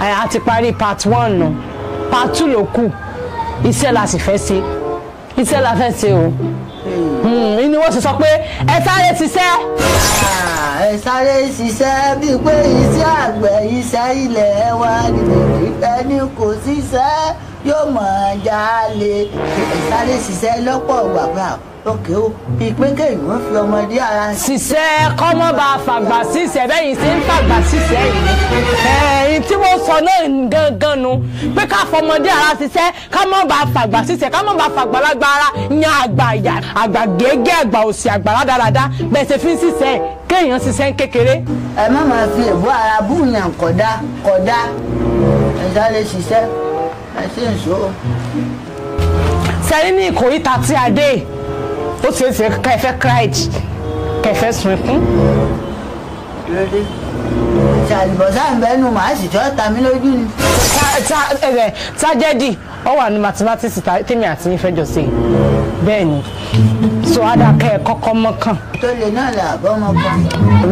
a ti parí part one nù part two ló kù iṣẹ́ la sì fẹ́ ṣe iṣẹ́ la fẹ́ ṣe o hmm, ni wọ́n sì sọ pé ẹ sáré ṣiṣẹ́. Ah, ẹ sáré ṣiṣẹ́ bíi pé iṣẹ́ àgbẹ̀ iṣẹ́ ilẹ̀ wa ni bẹ̀rẹ̀ ní kò ṣiṣẹ́ yóò mọ̀ jálè ẹ sáré ṣiṣẹ́ lọ́pọ̀ bàbá lókè ó ìpín kéyìn wọ́n fi ọmọdé ara. ṣiṣẹ́ kọ́mọ́ bá fàgbà ṣiṣẹ́ bẹ́yìn ṣe ń fàgbà ṣiṣẹ́ yìí ẹ tí wọ́n sọ náà gangan nu pé ká fọmọdé ara ṣiṣẹ́ ká má bàa fàgbà ṣiṣẹ́ ká má bàa fàgbà lágbára yan àgbà ìyá àgbà gẹ́gẹ́ àgbà òsì àgbà rádaràda bẹ́ẹ̀ fi ń ṣiṣẹ́ kéèyàn ṣiṣẹ́ kékeré. ẹ má máa fi èbó ara búyàn kọ̀dá kọ̀dá ẹ̀dá lè ṣiṣẹ́ ẹ ṣe ń so. sẹ́yìn ní ìkòríta tí a dé ó ṣeé ṣe kẹfẹ́ cried kẹfẹ́ sunkún ṣàlùbọ́sà ń wà ní mathematics tèmi àti yín fẹ́jọ sí i bẹ́ẹ̀ ni so adakẹ́ kọ́kọ́ mọ́kàn. tó lè náà là bọ́ ọmọkùnrin.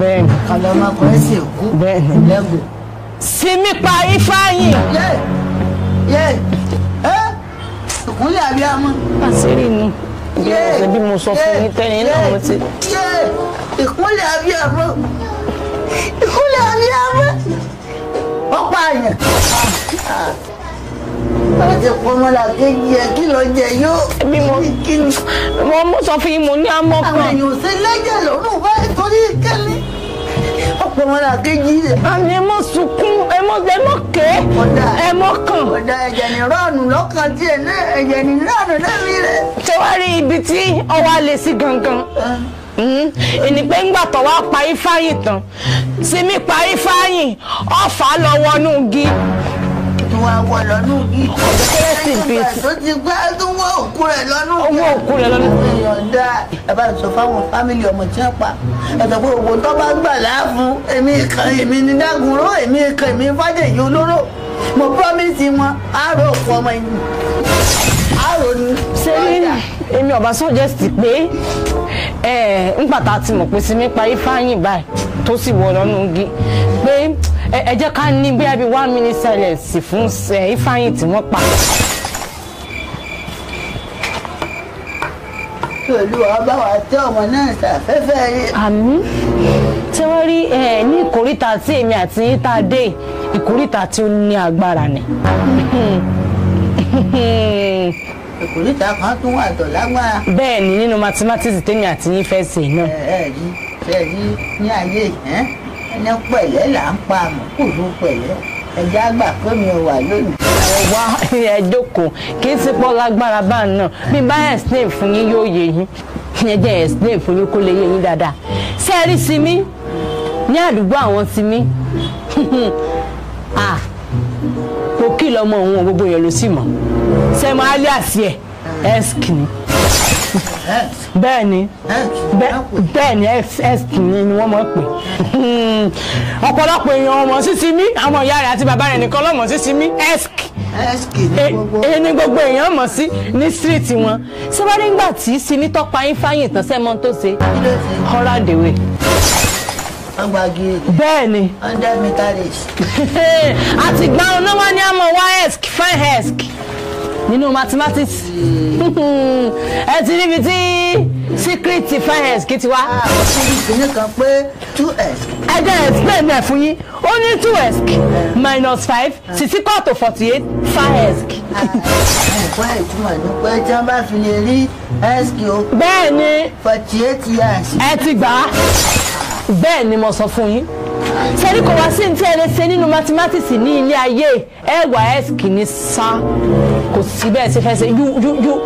bẹ́ẹ̀ ni. ọlọmọkùnrin sì kú. bẹ́ẹ̀ ni lẹ́gùn. sinmi pa ifeanyi. yé yé ẹ ìkúnlẹ̀ abiyamọ. àṣírí ni bí mo sọ fún yín tẹ́yìn náà mo ti. yé ìkúnlẹ̀ abiyamọ ìkúlẹ̀ abiyamọ. ọ̀pá àyàn. Bàbá ti pọnmọ́ la kéjì ẹ̀ kí lọ jẹ yó. Ẹbí mo mo mú sọ fún yín mo ní amọ̀ kan. Àwọn èèyàn ṣe lẹ́jẹ̀ lọ́rùn wá nítorí kẹ́lí. Ọ̀pọ̀mọ́ la kéjì rẹ̀. Àmì ẹ mọ̀ sunkún ẹ mọ̀ ké ẹ mọ̀ Ọ̀dà ẹ̀jẹ̀ ní rọ́ọ̀nù lọ́kàn tiẹ̀ náà ẹ̀jẹ̀ ní rọ́ọ̀nù lẹ́mí rẹ̀. Ṣé wàá rí ibi tí ọwọ́ Mm-hmm. ẹni pé ńgbà tó wá pa ifáyìn tán sinmi pa ifáyìn ọ̀fà lọ wọnú igi wa wọ lọ́nù yìí. ọ̀kẹ́rẹ́ sì bí ti. tó ti gbá tó òkú rẹ̀ lọ́nù. owó òkú rẹ̀ lọ́nù. ìyọ̀ǹda ẹ bá sọ fáwọn fámìlì ọmọ tí wọ́n pa ẹ̀sọ̀ pé òwò tó bá gbà láàfún èmi kan èmi ní dágunró èmi kan èmi fàdéyí olóró mo promise wọn àárọ̀ òkú ọmọ yìí àárọ̀ ni. ṣé èmi ọba sọ́jẹ́sì pé ẹ nígbà tá a ti mọ̀ pé sinmi parí fáyìn báyìí tó sì wọ̀ lọ́nu igi pé ẹ jẹ́ ká ní bí abi one minute silence fún ifáyìn tí wọ́n pa. pẹ̀lú ọba wa tẹ ọmọ náà ṣàfẹ́fẹ́ rí. àmín tí wọ́n rí ní ìkóríta tí èmi àti yín tá a dé ìkóríta tí ó ní agbára ni. ìkòríta kan tún wà tọ̀ lágbára. bẹ́ẹ̀ ni nínú mathematics tèmi àti yín fẹ́ ṣe náà. ẹ ẹ rí ẹ rí ní ayé ẹ ẹni pẹ̀lẹ́ là ń pa àmọ́ kò ló pẹ̀lẹ́ ẹ̀já àgbà pé mi ò wà lónìí. ẹ wá ẹ jókòó kì í ti pọ̀ lágbára báà náà bí bá explain fún yín yóò yé yín ẹ jẹ́ explain fún yín kó lè yé yín dáadáa ṣé ẹ rí Simi ní àdúgbò àwọn Simi kò ah, kí lọ́mọ òun gbogbo yẹn ló sì mọ̀ sẹ́mu alias yẹ ẹ́sk ni bẹ́ẹ̀ ni bẹ́ẹ̀ ni ẹ́sk ni ni wọ́n mọ̀ pé ọ̀pọ̀lọpọ̀ èèyàn ọmọ sísí mi àwọn ìyá rẹ̀ àti bàbá rẹ̀ nìkan lọ́mọ sísí mi ẹ́sk èyí ni gbogbo èèyàn mọ̀ sí ní síríìtì wọn sẹ́wọ́n nígbà tí sinitọ́ pa yín fáyìn tán sẹ́mọ́ tó ṣe ọ̀rá dèwé bẹ́ẹ̀ ni. hundred meters. àtìgbà ọ̀nà wa ni a mọ̀ wá ẹ́sk fẹ́ ẹ́sk nínú mathematics ẹ ti níbi tí secret finance kì í ti wá. ṣíbìtì ah, nìkan pé two x. ẹ jẹ́ explain ẹ̀ fún yín ó ní two x minus five sisi ah. kọ́ọ̀tù forty eight five x. ẹ̀kọ́ ìtumọ̀ ní pé tí wọ́n bá fi lè rí x o. bẹ́ẹ̀ ni forty eight years. ẹ ti gbà á bẹ́ẹ̀ ni mo sọ fún yín sẹ́ni kò wá sí ní tí ẹ lè ṣe nínú mathematics ní ilé ayé ẹ̀ wá x kì í ní sá kò sí ṣe fẹ́ ṣe you you you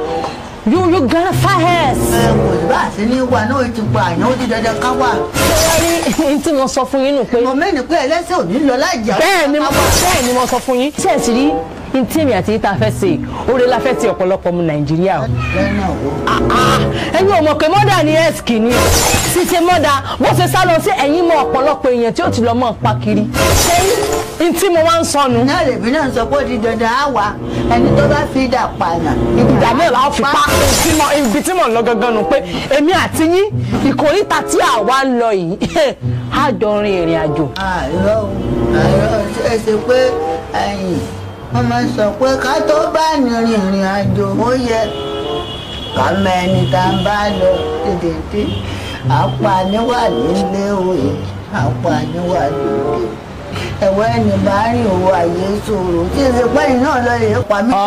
you you gonna fire. ẹ kò sí bá a ṣe ní wa náà ti pa àyàn ó di dandan ká wà. ṣé ní tí mo sọ fún yín nù pé. mo mẹ́ni pé ẹlẹ́sẹ̀ ò lọ lájà. bẹ́ẹ̀ ni mo bẹ́ẹ̀ ni mo sọ fún yín. ṣé ẹ sì rí ntí èmi àti yíta fẹ́ ṣe oore la fẹ́ ṣe ọ̀pọ̀lọpọ̀ mu nàìjíríà o. ẹyin ah, ah. ò mọ̀ pé mọ́dà ni ẹ́sk ni o ṣíṣe mọ́dà bó ṣe sá lọ sí ẹ̀yìn mọ ọ̀pọ̀lọpọ̀ èèyàn tí ó ti lọ mọ́ pa kiri. ṣé ntí mo wá ń sọnù. náà lèmi náà sọ pé ó di dandan á wá ẹni tó bá fi dà pààyàn. ìdá náà la ó fi pa ibi tí mò ń lọ gangan nù pé èmi àti yín ìkòríta tí àwa ń lọ yìí á jọ rin ìrìn àjò. àìrọ àìrọ ṣe ṣe pé ẹ̀yìn wọn máa sọ pé ká tó bá rin ìrìn àjò ó yẹ ká mọ ẹni tá a bá lọ dédédé àpàníwà nílé òye àpàníwà lóde ẹ̀wọ́ ẹni bá rìn òwò àyè sòrò tí ìsèpẹ́ yìí náà lọ lè pa mí. Ah,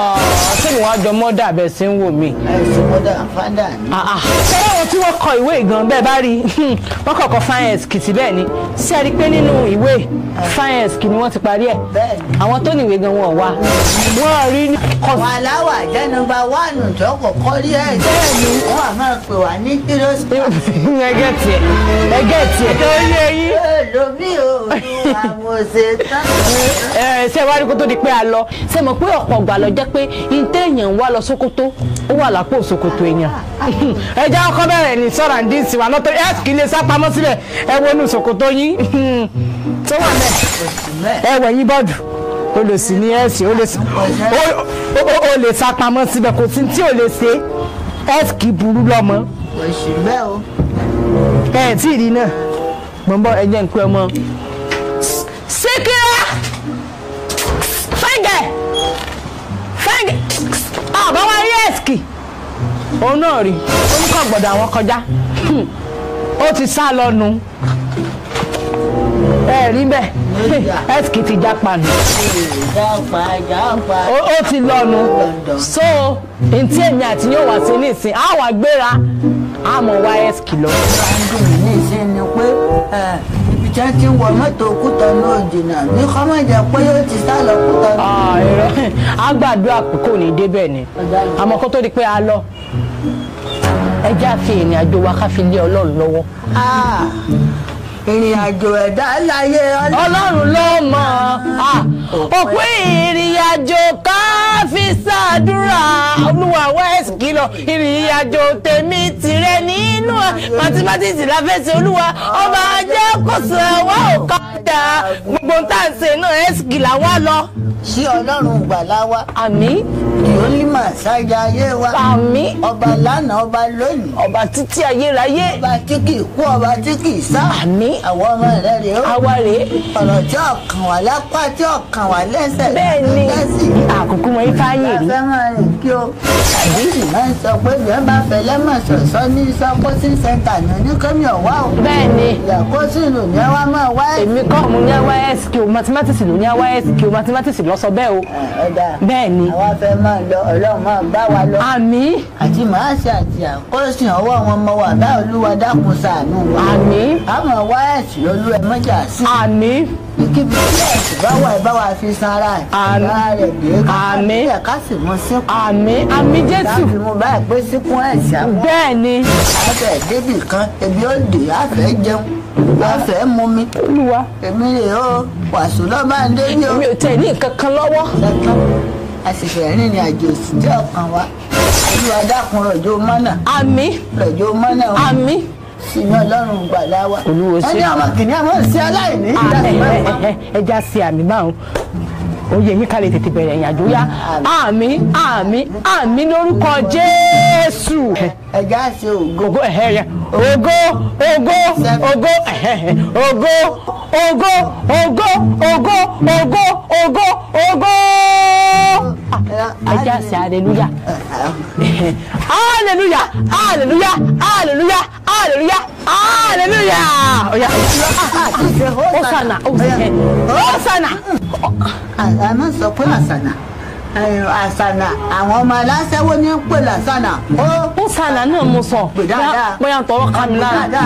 ṣé ìwọ àjọ mọ́dà bẹ́ẹ̀ ṣe ń wò mí. ẹ̀sìn mọ́dà fádà ni. Ah, ah. ṣé àwọn tí wọ́n kọ ìwé ìgan bẹ́ẹ̀ bá rí hmm, wọ́n kọ̀ọ̀kan finance kìtì bẹ́ẹ̀ ni ṣé ẹ rí i pé nínú ìwé finance kì ni wọ́n ti parí ẹ̀ àwọn tó níwèé gan wọn wá wọ́n rí ní. wàláwà jẹnuba wánù tó kọ̀kọ́ rí ẹ̀ jẹ́ ẹ̀mí wọ́n àmọ́ pè wá ní kí lómi òòlù àwọn ṣetán. ẹ ṣe wá rí kó tó di pé a lọ ṣe mọ̀ pé ọ̀pọ̀ ọ̀gbà lọ jẹ́ pé ntẹ́ èèyàn ń wá lọ Sókótó ó wà lápò Sókótó èèyàn. ẹ jẹ́ ọkọ bẹ̀rẹ̀ ní sọ̀rọ̀ àǹdí ìsìn wa lọ́tọ́ ẹ kì í lè sá pamọ́ sílẹ̀ ẹ wo inú Sókótó yín tó wà bẹ́ẹ̀ ẹ wẹ̀ yín bọ́ọ̀dù o lè sí ní ẹ̀sìn o lè sá pamọ́ síbẹ̀ kò sí tí o lè ṣe ẹ̀ kì í burú lọ́mọ. kò sí bẹ́ẹ̀ o. ẹ tí ì rí náà. mo ń bọ̀ ẹ jẹ́ fege ẹ mọ́. Síkírá fẹ́ǹgẹ̀ fẹ́ǹgẹ̀ ọ̀bọ̀ wa rí ẹ̀sìkì òun náà àwọn kọjá o ti sá lọnu ẹ rí bẹ́ẹ̀ ti jápa nù ti lọnu so ntí èmi àti yóò wá sí nísìn á wà gbéra àmọ́ wá ẹ̀sìkì lọ. jẹ́ kí wọ mọ́tò òkúta náà jìnnà ní kọ́mọ̀jà pé ó ti sá lọ òkúta náà. Ah, a gbàdúrà pé kò ní débẹ̀ ni àmọ́ kó tó di pé a lọ ẹ já fi ìrìn àjò wa ká fi lé ọlọ́run lọ́wọ́. Ah, ìrìn àjò ẹ̀dá láyé ọlọ́run ló mọ̀ ah, òpin ìrìn àjò ká fi ṣàdúrà olúwa wẹ́ẹ́ kìlọ̀ ìrìn àjò tèmi tìrẹ nínú mathematics la fẹ́ ṣe olúwa ọba ajẹ́ kò sọ wá ò kọ́ da gbogbo tá à ń ṣe náà ẹ́sìkì làwọn lọ. sí ọlọ́run gbàlá wa. àmín. olímọ̀ sájà ayé wa. àmín. ọba lánàá ọba lónìí. ọba títí ayérayé. ọba tí kì í kú ọba tí kì í sá. àmín. àwọn ọmọ rẹ rè ó. àwa rè é. ọ̀rọ̀ tí ọ̀kan wà lápá tí ọ̀kan wà lẹ́sẹ̀. bẹ́ẹ̀ àkókò mọ ifá yè ìgbà fẹ́ràn rìn kí o. àdéhùn máa sọ pé bí bá fẹ́ lẹ́mọ̀ sọ̀sọ́ kí o mathematics ló ní awa kí o mathematics lọ sọ bẹ́ẹ̀ o. Ah, bẹ́ẹ̀ ni. àwa fẹ́ máa lọ ọlọ́run máa bá wa lọ. àmín. àti màá ṣe àti àkọ́sí ọwọ́ àwọn ọmọ wa bá olúwa dákun ṣàánú wa. àmín. àmọ́ wá ẹ̀sìn lólu ẹ̀ mọ́jà sí. àmín. kíkíbi ẹ̀sìn bá wà ẹ̀ bá fi san ara ẹ̀. àmín. ara rẹ̀ sì mú síkùn. àmín àmín jésù. láti mú báyìí pé síkùn ẹ̀sìn àwọn. bẹ́ẹ̀ ni wọ́n fẹ́ mú mi. olúwa. èmi rè ó wàásù lọ́ba ń dé ní o. èmi ò tẹ̀ ní nǹkan lọ́wọ́. àṣìṣe rìn àjò òsì tí ọkàn wa olúwa dákun rọ̀jò mọ́nà. àmín. rọ̀jò mọ́nà o. sinmi ọlọ́run gbàlá wa. ẹni ọmọ kìnìún àwọn òsì aláìní. ẹja sí àmì báwọn oyè mi ká tètè bẹ̀rẹ̀ ìrìn yá àmín àmín àmín lórúkọ Jésù ẹja ṣe ògo. ògo ògo ògo ògo ògo ògo ògo ògo ògo ògo. ẹja ṣe hallelujah hallelujah hallelujah hallelujah hallelujah hallelujah. oya osana osana. àmọ́ sọ pé àsànà àṣànà àwọn ọmọ aláṣẹwó ní pè lásànà. ó sànà náà mo sọ bóyá tọrọ ká mi lára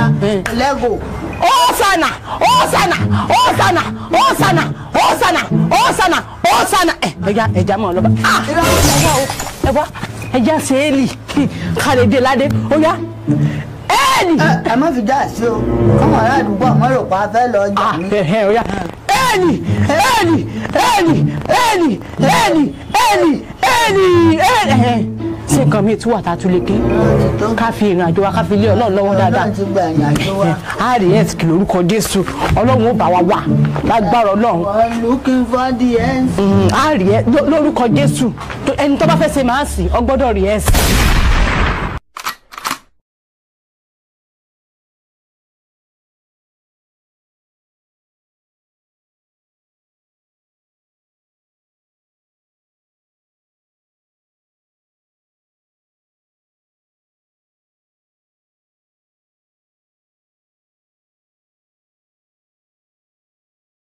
lẹ́gò. ó sànà ó sànà ó sànà ó sànà ó sànà ó sànà ó sànà ẹ ẹja ẹja mọ lọba. Ah! ẹ wá ẹja sẹ́ẹ̀lì kàlẹ́dẹ́ ládé ó yá ẹ̀ẹ́lì. ẹ má fi dá sí o káwọn ará àdúgbò àwọn èrò pa fẹ́ lọ jà ní. Ah, ẹni ẹni ẹni ẹni ẹni ẹni ẹni ẹni. ṣé nǹkan mi tún wà tá a tún lè ké ká fi ìrìn àjò wa ká fi lé ọlọ́run lọ́wọ́ dáadáa rs kì lórúkọ jésù ọlọ́run ó bá wa wà lágbára ọlọ́run. looking for the ends. rs lórúkọ jésù ẹni tó bá fẹ́ ṣe màá sí ọgbọ́dọ̀ rí ẹ́sì.